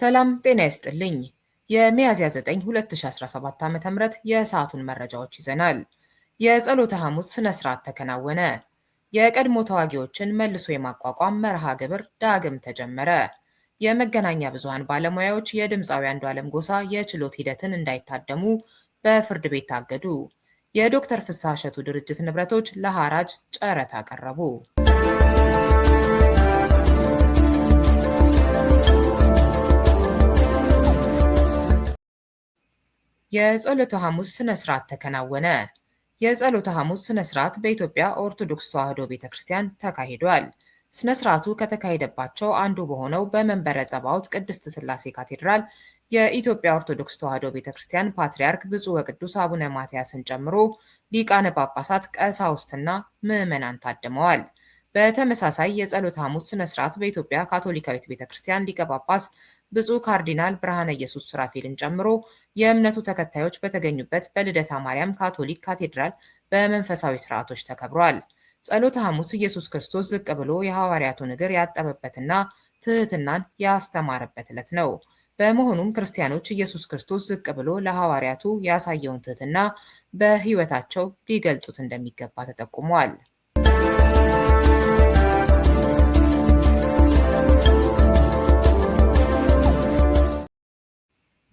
ሰላም ጤና ይስጥልኝ። የሚያዝያ 9 2017 ዓ.ም የሰዓቱን መረጃዎች ይዘናል። የጸሎተ ሐሙስ ስነ ስርዓት ተከናወነ። የቀድሞ ተዋጊዎችን መልሶ የማቋቋም መርሃ ግብር ዳግም ተጀመረ። የመገናኛ ብዙሃን ባለሙያዎች የድምፃዊ ዓለም ጎሳ የችሎት ሂደትን እንዳይታደሙ በፍርድ ቤት ታገዱ። የዶክተር ፍስሐ እሸቱ ድርጅት ንብረቶች ለሐራጅ ጨረታ ቀረቡ። የጸሎተ ሐሙስ ስነ ስርዓት ተከናወነ። የጸሎተ ሐሙስ ስነ ስርዓት በኢትዮጵያ ኦርቶዶክስ ተዋሕዶ ቤተ ክርስቲያን ተካሂዷል። ስነ ስርዓቱ ከተካሄደባቸው አንዱ በሆነው በመንበረ ጸባዖት ቅድስት ስላሴ ካቴድራል የኢትዮጵያ ኦርቶዶክስ ተዋሕዶ ቤተ ክርስቲያን ፓትርያርክ ብፁዕ ወቅዱስ አቡነ ማትያስን ጨምሮ ሊቃነ ጳጳሳት፣ ቀሳውስትና ምዕመናን ታድመዋል። በተመሳሳይ የጸሎተ ሐሙስ ስነ ስርዓት በኢትዮጵያ ካቶሊካዊት ቤተ ክርስቲያን ሊቀ ጳጳስ ብፁዕ ካርዲናል ብርሃነ ኢየሱስ ሱራፌልን ጨምሮ የእምነቱ ተከታዮች በተገኙበት በልደታ ማርያም ካቶሊክ ካቴድራል በመንፈሳዊ ስርዓቶች ተከብሯል። ጸሎተ ሐሙስ ኢየሱስ ክርስቶስ ዝቅ ብሎ የሐዋርያቱን እግር ያጠበበትና ትህትናን ያስተማረበት ዕለት ነው። በመሆኑም ክርስቲያኖች ኢየሱስ ክርስቶስ ዝቅ ብሎ ለሐዋርያቱ ያሳየውን ትህትና በሕይወታቸው ሊገልጡት እንደሚገባ ተጠቁሟል።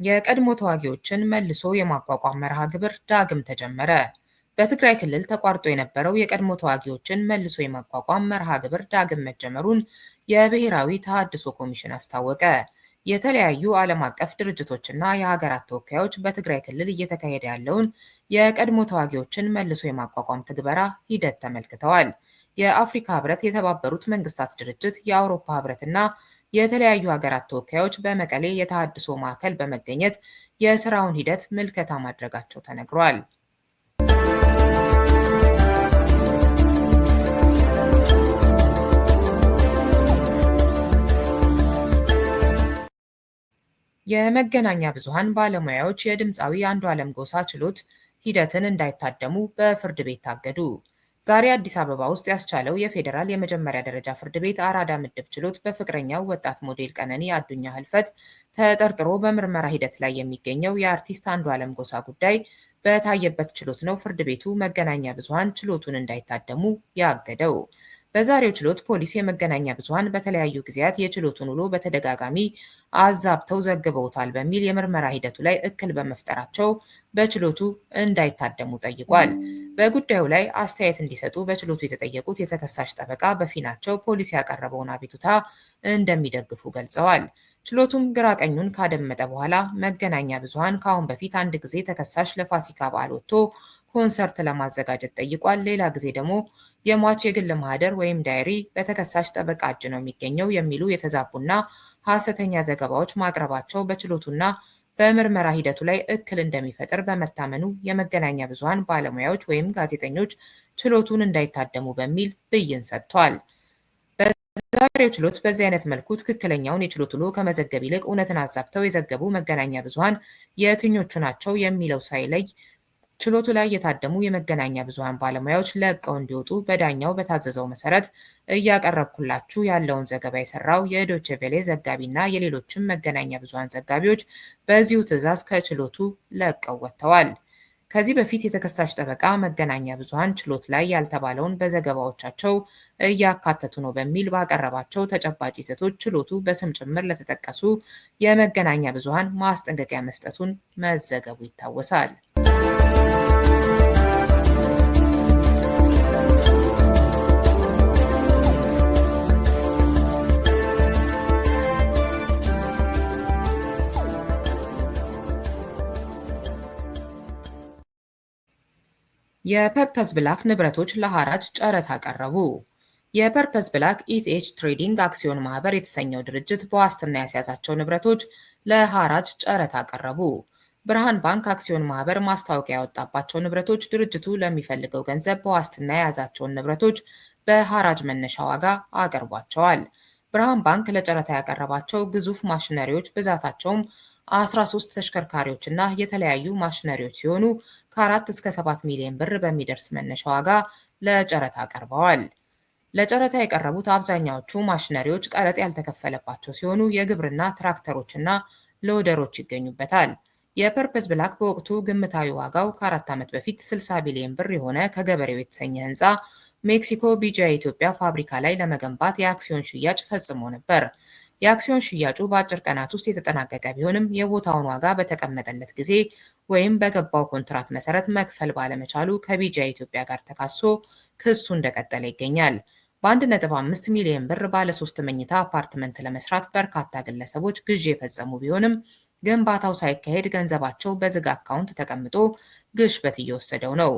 የቀድሞ ተዋጊዎችን መልሶ የማቋቋም መርሃ ግብር ዳግም ተጀመረ። በትግራይ ክልል ተቋርጦ የነበረው የቀድሞ ተዋጊዎችን መልሶ የማቋቋም መርሃ ግብር ዳግም መጀመሩን የብሔራዊ ተሃድሶ ኮሚሽን አስታወቀ። የተለያዩ ዓለም አቀፍ ድርጅቶችና የሀገራት ተወካዮች በትግራይ ክልል እየተካሄደ ያለውን የቀድሞ ተዋጊዎችን መልሶ የማቋቋም ትግበራ ሂደት ተመልክተዋል። የአፍሪካ ህብረት፣ የተባበሩት መንግስታት ድርጅት፣ የአውሮፓ ህብረትና የተለያዩ ሀገራት ተወካዮች በመቀሌ የተሃድሶ ማዕከል በመገኘት የስራውን ሂደት ምልከታ ማድረጋቸው ተነግሯል። የመገናኛ ብዙሃን ባለሙያዎች የድምፃዊ አንዱዓለም ጎሳ ችሎት ሂደትን እንዳይታደሙ በፍርድ ቤት ታገዱ። ዛሬ አዲስ አበባ ውስጥ ያስቻለው የፌዴራል የመጀመሪያ ደረጃ ፍርድ ቤት አራዳ ምድብ ችሎት በፍቅረኛው ወጣት ሞዴል ቀነኒ አዱኛ ህልፈት ተጠርጥሮ በምርመራ ሂደት ላይ የሚገኘው የአርቲስት አንዱዓለም ጎሳ ጉዳይ በታየበት ችሎት ነው ፍርድ ቤቱ መገናኛ ብዙሃን ችሎቱን እንዳይታደሙ ያገደው። በዛሬው ችሎት ፖሊስ የመገናኛ ብዙሃን በተለያዩ ጊዜያት የችሎቱን ውሎ በተደጋጋሚ አዛብተው ዘግበውታል በሚል የምርመራ ሂደቱ ላይ እክል በመፍጠራቸው በችሎቱ እንዳይታደሙ ጠይቋል። በጉዳዩ ላይ አስተያየት እንዲሰጡ በችሎቱ የተጠየቁት የተከሳሽ ጠበቃ በፊናቸው ፖሊስ ያቀረበውን አቤቱታ እንደሚደግፉ ገልጸዋል። ችሎቱም ግራ ቀኙን ካደመጠ በኋላ መገናኛ ብዙሃን ከአሁን በፊት አንድ ጊዜ ተከሳሽ ለፋሲካ በዓል ወጥቶ ኮንሰርት ለማዘጋጀት ጠይቋል። ሌላ ጊዜ ደግሞ የሟች የግል ማህደር ወይም ዳይሪ በተከሳሽ ጠበቃ እጅ ነው የሚገኘው የሚሉ የተዛቡና ሀሰተኛ ዘገባዎች ማቅረባቸው በችሎቱና በምርመራ ሂደቱ ላይ እክል እንደሚፈጥር በመታመኑ የመገናኛ ብዙሃን ባለሙያዎች ወይም ጋዜጠኞች ችሎቱን እንዳይታደሙ በሚል ብይን ሰጥቷል። በዛሬው ችሎት በዚህ አይነት መልኩ ትክክለኛውን የችሎት ውሎ ከመዘገብ ይልቅ እውነትን አዛብተው የዘገቡ መገናኛ ብዙሃን የትኞቹ ናቸው የሚለው ሳይለይ ችሎቱ ላይ የታደሙ የመገናኛ ብዙሃን ባለሙያዎች ለቀው እንዲወጡ በዳኛው በታዘዘው መሰረት እያቀረብኩላችሁ ያለውን ዘገባ የሰራው የዶቼ ቬሌ ዘጋቢና የሌሎችም መገናኛ ብዙሃን ዘጋቢዎች በዚሁ ትዕዛዝ ከችሎቱ ለቀው ወጥተዋል። ከዚህ በፊት የተከሳሽ ጠበቃ መገናኛ ብዙሃን ችሎት ላይ ያልተባለውን በዘገባዎቻቸው እያካተቱ ነው በሚል ባቀረባቸው ተጨባጭ ይዘቶች ችሎቱ በስም ጭምር ለተጠቀሱ የመገናኛ ብዙሃን ማስጠንቀቂያ መስጠቱን መዘገቡ ይታወሳል። የፐርፐስ ብላክ ንብረቶች ለሐራጅ ጨረታ ቀረቡ። የፐርፐስ ብላክ ኢትኤች ትሬዲንግ አክሲዮን ማህበር የተሰኘው ድርጅት በዋስትና ያስያዛቸው ንብረቶች ለሐራጅ ጨረታ ቀረቡ። ብርሃን ባንክ አክሲዮን ማህበር ማስታወቂያ ያወጣባቸው ንብረቶች ድርጅቱ ለሚፈልገው ገንዘብ በዋስትና የያዛቸውን ንብረቶች በሐራጅ መነሻ ዋጋ አቅርቧቸዋል። ብርሃን ባንክ ለጨረታ ያቀረባቸው ግዙፍ ማሽነሪዎች ብዛታቸውም 13 ተሽከርካሪዎች እና የተለያዩ ማሽነሪዎች ሲሆኑ ከ4 እስከ 7 ሚሊዮን ብር በሚደርስ መነሻ ዋጋ ለጨረታ ቀርበዋል። ለጨረታ የቀረቡት አብዛኛዎቹ ማሽነሪዎች ቀረጥ ያልተከፈለባቸው ሲሆኑ የግብርና ትራክተሮች እና ሎደሮች ይገኙበታል። የፐርፐስ ብላክ በወቅቱ ግምታዊ ዋጋው ከአራት ዓመት በፊት 60 ቢሊዮን ብር የሆነ ከገበሬው የተሰኘ ህንፃ ሜክሲኮ ቢጂ ኢትዮጵያ ፋብሪካ ላይ ለመገንባት የአክሲዮን ሽያጭ ፈጽሞ ነበር። የአክሲዮን ሽያጩ በአጭር ቀናት ውስጥ የተጠናቀቀ ቢሆንም የቦታውን ዋጋ በተቀመጠለት ጊዜ ወይም በገባው ኮንትራት መሰረት መክፈል ባለመቻሉ ከቢጂአይ ኢትዮጵያ ጋር ተካሶ ክሱ እንደቀጠለ ይገኛል። በ1.5 ሚሊዮን ብር ባለ ሶስት መኝታ አፓርትመንት ለመስራት በርካታ ግለሰቦች ግዢ የፈጸሙ ቢሆንም ግንባታው ሳይካሄድ ገንዘባቸው በዝግ አካውንት ተቀምጦ ግሽበት እየወሰደው ነው።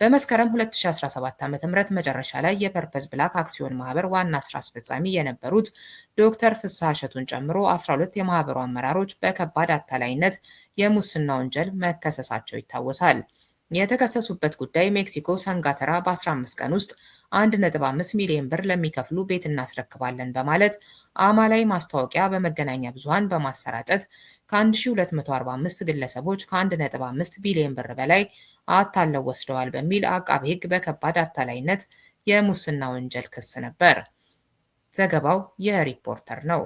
በመስከረም 2017 ዓ.ም መጨረሻ ላይ የፐርፐዝ ብላክ አክሲዮን ማህበር ዋና ስራ አስፈጻሚ የነበሩት ዶክተር ፍስሐ እሸቱን ጨምሮ 12 የማህበሩ አመራሮች በከባድ አታላይነት የሙስና ወንጀል መከሰሳቸው ይታወሳል። የተከሰሱበት ጉዳይ ሜክሲኮ ሰንጋተራ በ15 ቀን ውስጥ 1.5 ሚሊዮን ብር ለሚከፍሉ ቤት እናስረክባለን በማለት አማላይ ማስታወቂያ በመገናኛ ብዙሃን በማሰራጨት ከ1245 ግለሰቦች ከ1.5 ቢሊዮን ብር በላይ አታለው ወስደዋል በሚል አቃቤ ሕግ በከባድ አታላይነት የሙስና ወንጀል ክስ ነበር። ዘገባው የሪፖርተር ነው።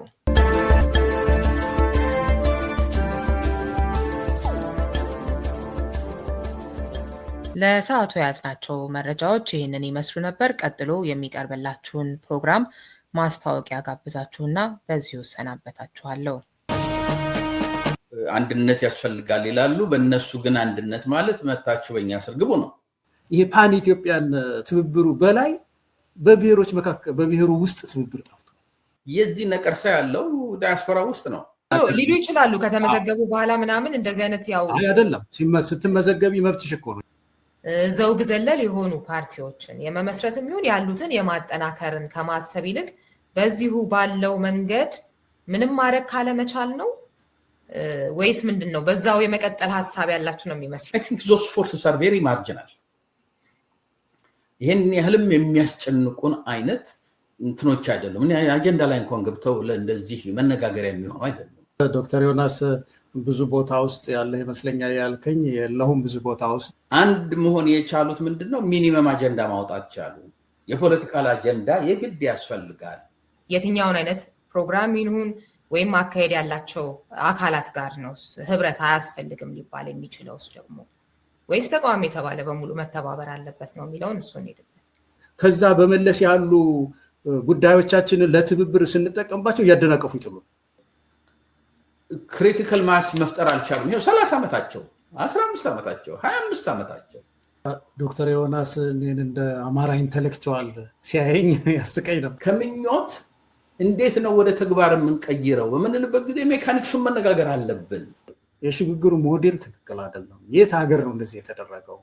ለሰዓቱ የያዝናቸው መረጃዎች ይህንን ይመስሉ ነበር። ቀጥሎ የሚቀርብላችሁን ፕሮግራም ማስታወቂያ ጋብዛችሁና በዚሁ እሰናበታችኋለሁ። አንድነት ያስፈልጋል ይላሉ። በእነሱ ግን አንድነት ማለት መታችሁ በእኛ ስር ግቡ ነው። ይሄ ፓን ኢትዮጵያን ትብብሩ በላይ በብሔሮች መካከል በብሔሩ ውስጥ ትብብር ጠፍቶ የዚህ ነቀርሳ ያለው ዳያስፖራ ውስጥ ነው ሊሉ ይችላሉ። ከተመዘገቡ በኋላ ምናምን እንደዚህ አይነት ያው አይደለም ስትመዘገቢ መብትሽ እኮ ነው። ዘውግ ዘለል የሆኑ ፓርቲዎችን የመመስረትም ይሁን ያሉትን የማጠናከርን ከማሰብ ይልቅ በዚሁ ባለው መንገድ ምንም ማድረግ ካለመቻል ነው ወይስ ምንድን ነው? በዛው የመቀጠል ሀሳብ ያላችሁ ነው የሚመስለው። ዞስ ፎርስስ ቬሪ ማርጅናል። ይህን ያህልም የሚያስጨንቁን አይነት እንትኖች አይደሉም። አጀንዳ ላይ እንኳን ገብተው ለእንደዚህ መነጋገሪያ የሚሆኑ አይደሉም። ዶክተር ዮናስ ብዙ ቦታ ውስጥ ያለ ይመስለኛል ያልከኝ የለሁም። ብዙ ቦታ ውስጥ አንድ መሆን የቻሉት ምንድን ነው? ሚኒመም አጀንዳ ማውጣት ቻሉ። የፖለቲካል አጀንዳ የግድ ያስፈልጋል። የትኛውን አይነት ፕሮግራም ይሁን ወይም አካሄድ ያላቸው አካላት ጋር ነው ህብረት አያስፈልግም ሊባል የሚችለውስ ደግሞ ወይስ ተቃዋሚ የተባለ በሙሉ መተባበር አለበት ነው የሚለውን እሱ እንሄድበት። ከዛ በመለስ ያሉ ጉዳዮቻችንን ለትብብር ስንጠቀምባቸው እያደናቀፉ ይጥሉ ክሪቲካል ማስ መፍጠር አልቻሉም። ይኸው ሰላሳ ዓመታቸው፣ አስራ አምስት ዓመታቸው፣ ሀያ አምስት ዓመታቸው። ዶክተር ዮናስ እኔን እንደ አማራ ኢንተሌክቸዋል ሲያየኝ ያስቀኝ ነው። ከምኞት እንዴት ነው ወደ ተግባር የምንቀይረው በምንልበት ጊዜ ሜካኒክሱን መነጋገር አለብን። የሽግግሩ ሞዴል ትክክል አይደለም። የት ሀገር ነው እንደዚህ የተደረገው?